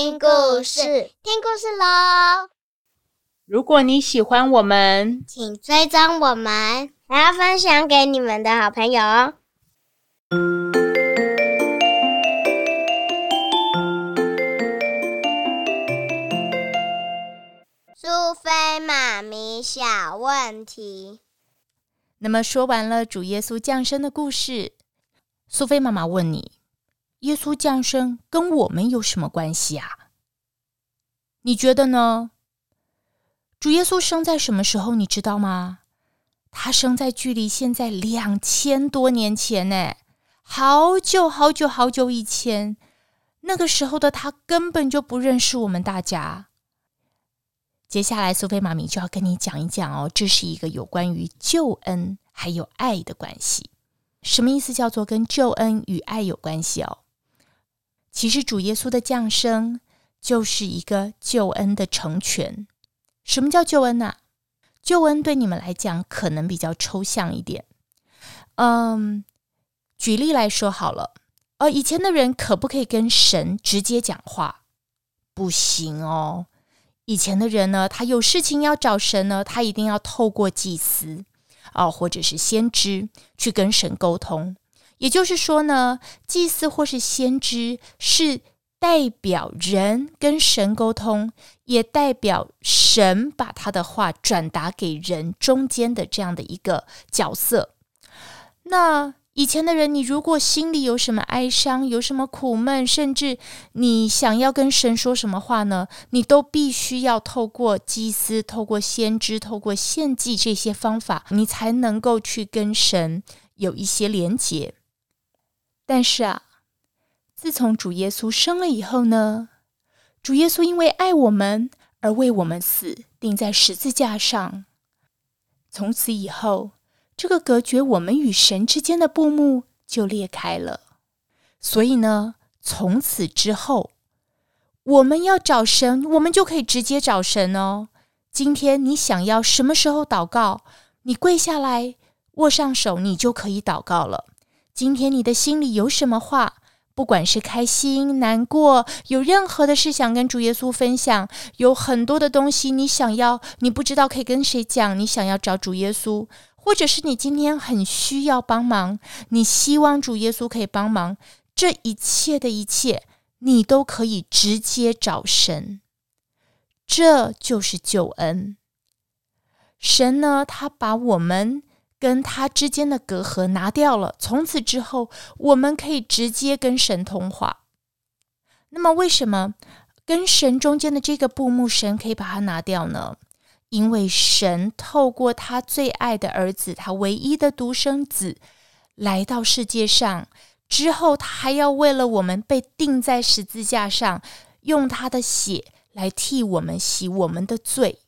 聽故事，聽故事嘍！如果你喜歡我們，請追蹤我們，還要分享給你們的好朋友。蘇菲 媽咪小問題。那麼說完了主耶穌降生的故事，蘇菲媽媽問你。耶穌降生跟我們有什麼關係啊？你覺得呢？主耶穌生在什麼時候？你知道嗎？他生在距離現在兩千多年前呢，好久好久好久以前。那個時候的他根本就不認識我們大家。接下來，蘇菲媽咪就要跟你講一講哦，這是一個有關於救恩還有愛的關係。什麼意思？叫做跟救恩與愛有關係哦？其實主耶穌的降生就是一個救恩的成全。什麼叫救恩呢、啊？救恩對你們來講可能比較抽象一點。嗯，舉例來說好了，呃，以前的人可不可以跟神直接講話？不行哦。以前的人呢，他有事情要找神呢，他一定要透過祭司啊、呃，或者是先知去跟神溝通。也就是說呢，祭司或是先知是代表人跟神溝通，也代表神把他的話轉達給人，中間的這樣的一個角色。那以前的人，你如果心裡有什麼哀傷，有什麼苦悶，甚至你想要跟神說什麼話呢，你都必須要透過祭司、透過先知、透過獻祭這些方法，你才能夠去跟神有一些連結。但是啊，自從主耶穌生了以後呢，主耶穌因為愛我們而為我們死，釘在十字架上。從此以後，這個隔絕我們與神之間的布幕就裂開了。所以呢，從此之後，我們要找神，我們就可以直接找神哦。今天你想要什麼時候禱告，你跪下來握上手，你就可以禱告了。今天你的心裡有什麼話？不管是開心、難過，有任何的事想跟主耶穌分享，有很多的東西你想要，你不知道可以跟誰講，你想要找主耶穌，或者是你今天很需要幫忙，你希望主耶穌可以幫忙，這一切的一切，你都可以直接找神。這就是救恩。神呢，他把我們。跟他之間的隔閡拿掉了，從此之後，我們可以直接跟神通話。那麼，為什麼跟神中間的這個布幕神可以把它拿掉呢？因為神透過他最愛的兒子，他唯一的獨生子來到世界上之後，他還要為了我們被釘在十字架上，用他的血來替我們洗我們的罪。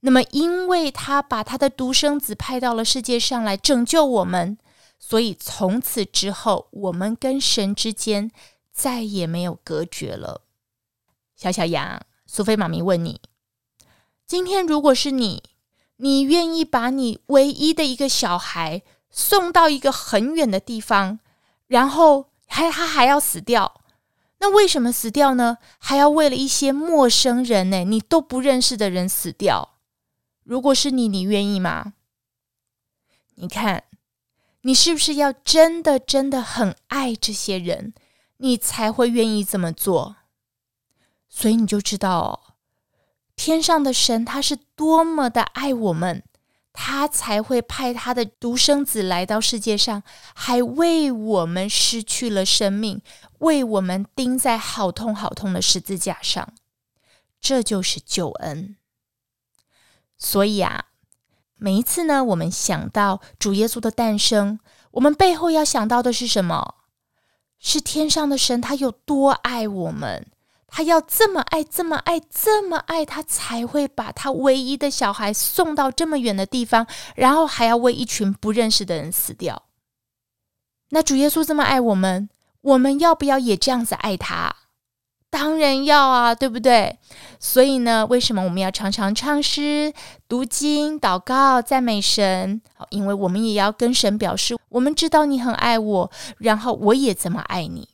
那麼，因為他把他的獨生子派到了世界上來拯救我們，所以從此之後，我們跟神之間再也沒有隔絕了。小小羊，蘇菲媽咪問你：今天如果是你，你願意把你唯一的一個小孩送到一個很遠的地方，然後還他還要死掉？那為什麼死掉呢？還要為了一些陌生人呢？你都不認識的人死掉？如果是你，你願意嗎？你看，你是不是要真的、真的很愛這些人，你才會願意這麼做？所以你就知道哦，天上的神他是多麼的愛我們，他才會派他的獨生子來到世界上，還為我們失去了生命，為我們釘在好痛好痛的十字架上。這就是救恩。所以啊，每一次呢，我們想到主耶穌的誕生，我們背後要想到的是什麼？是天上的神，他有多愛我們？他要這麼愛，這麼愛，這麼愛，他才會把他唯一的小孩送到這麼遠的地方，然後還要為一群不認識的人死掉。那主耶穌這麼愛我們，我們要不要也這樣子愛他？當然要啊，對不對？所以呢，為什麼我們要常常唱詩、讀經、禱告、讚美神？因為我們也要跟神表示，我們知道你很愛我，然後我也這麼愛你。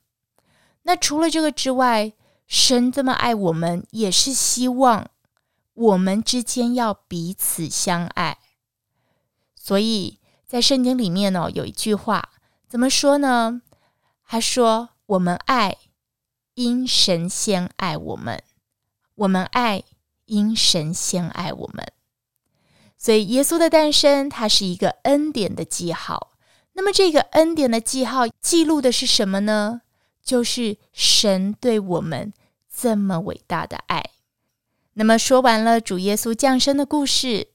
那除了這個之外，神這麼愛我們，也是希望我們之間要彼此相愛。所以在聖經裡面呢、哦，有一句話怎麼說呢？他說：“我們愛。”因神先愛我們，我們愛因神先愛我們。所以耶穌的誕生，它是一個恩典的記號。那麼，這個恩典的記號記錄的是什麼呢？就是神對我們這麼偉大的愛。那麼，說完了主耶穌降生的故事，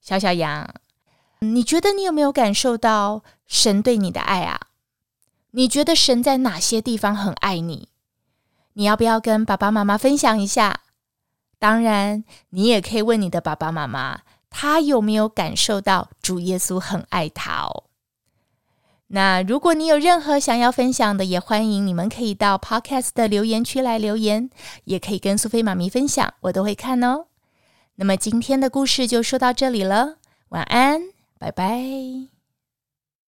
小小羊，你覺得你有沒有感受到神對你的愛啊？你覺得神在哪些地方很愛你？你要不要跟爸爸媽媽分享一下？當然，你也可以問你的爸爸媽媽，他有沒有感受到主耶穌很愛他哦。那如果你有任何想要分享的，也歡迎你們可以到 Podcast 的留言區來留言，也可以跟蘇菲媽咪分享，我都會看哦。那麼今天的故事就說到這裡了，晚安，拜拜。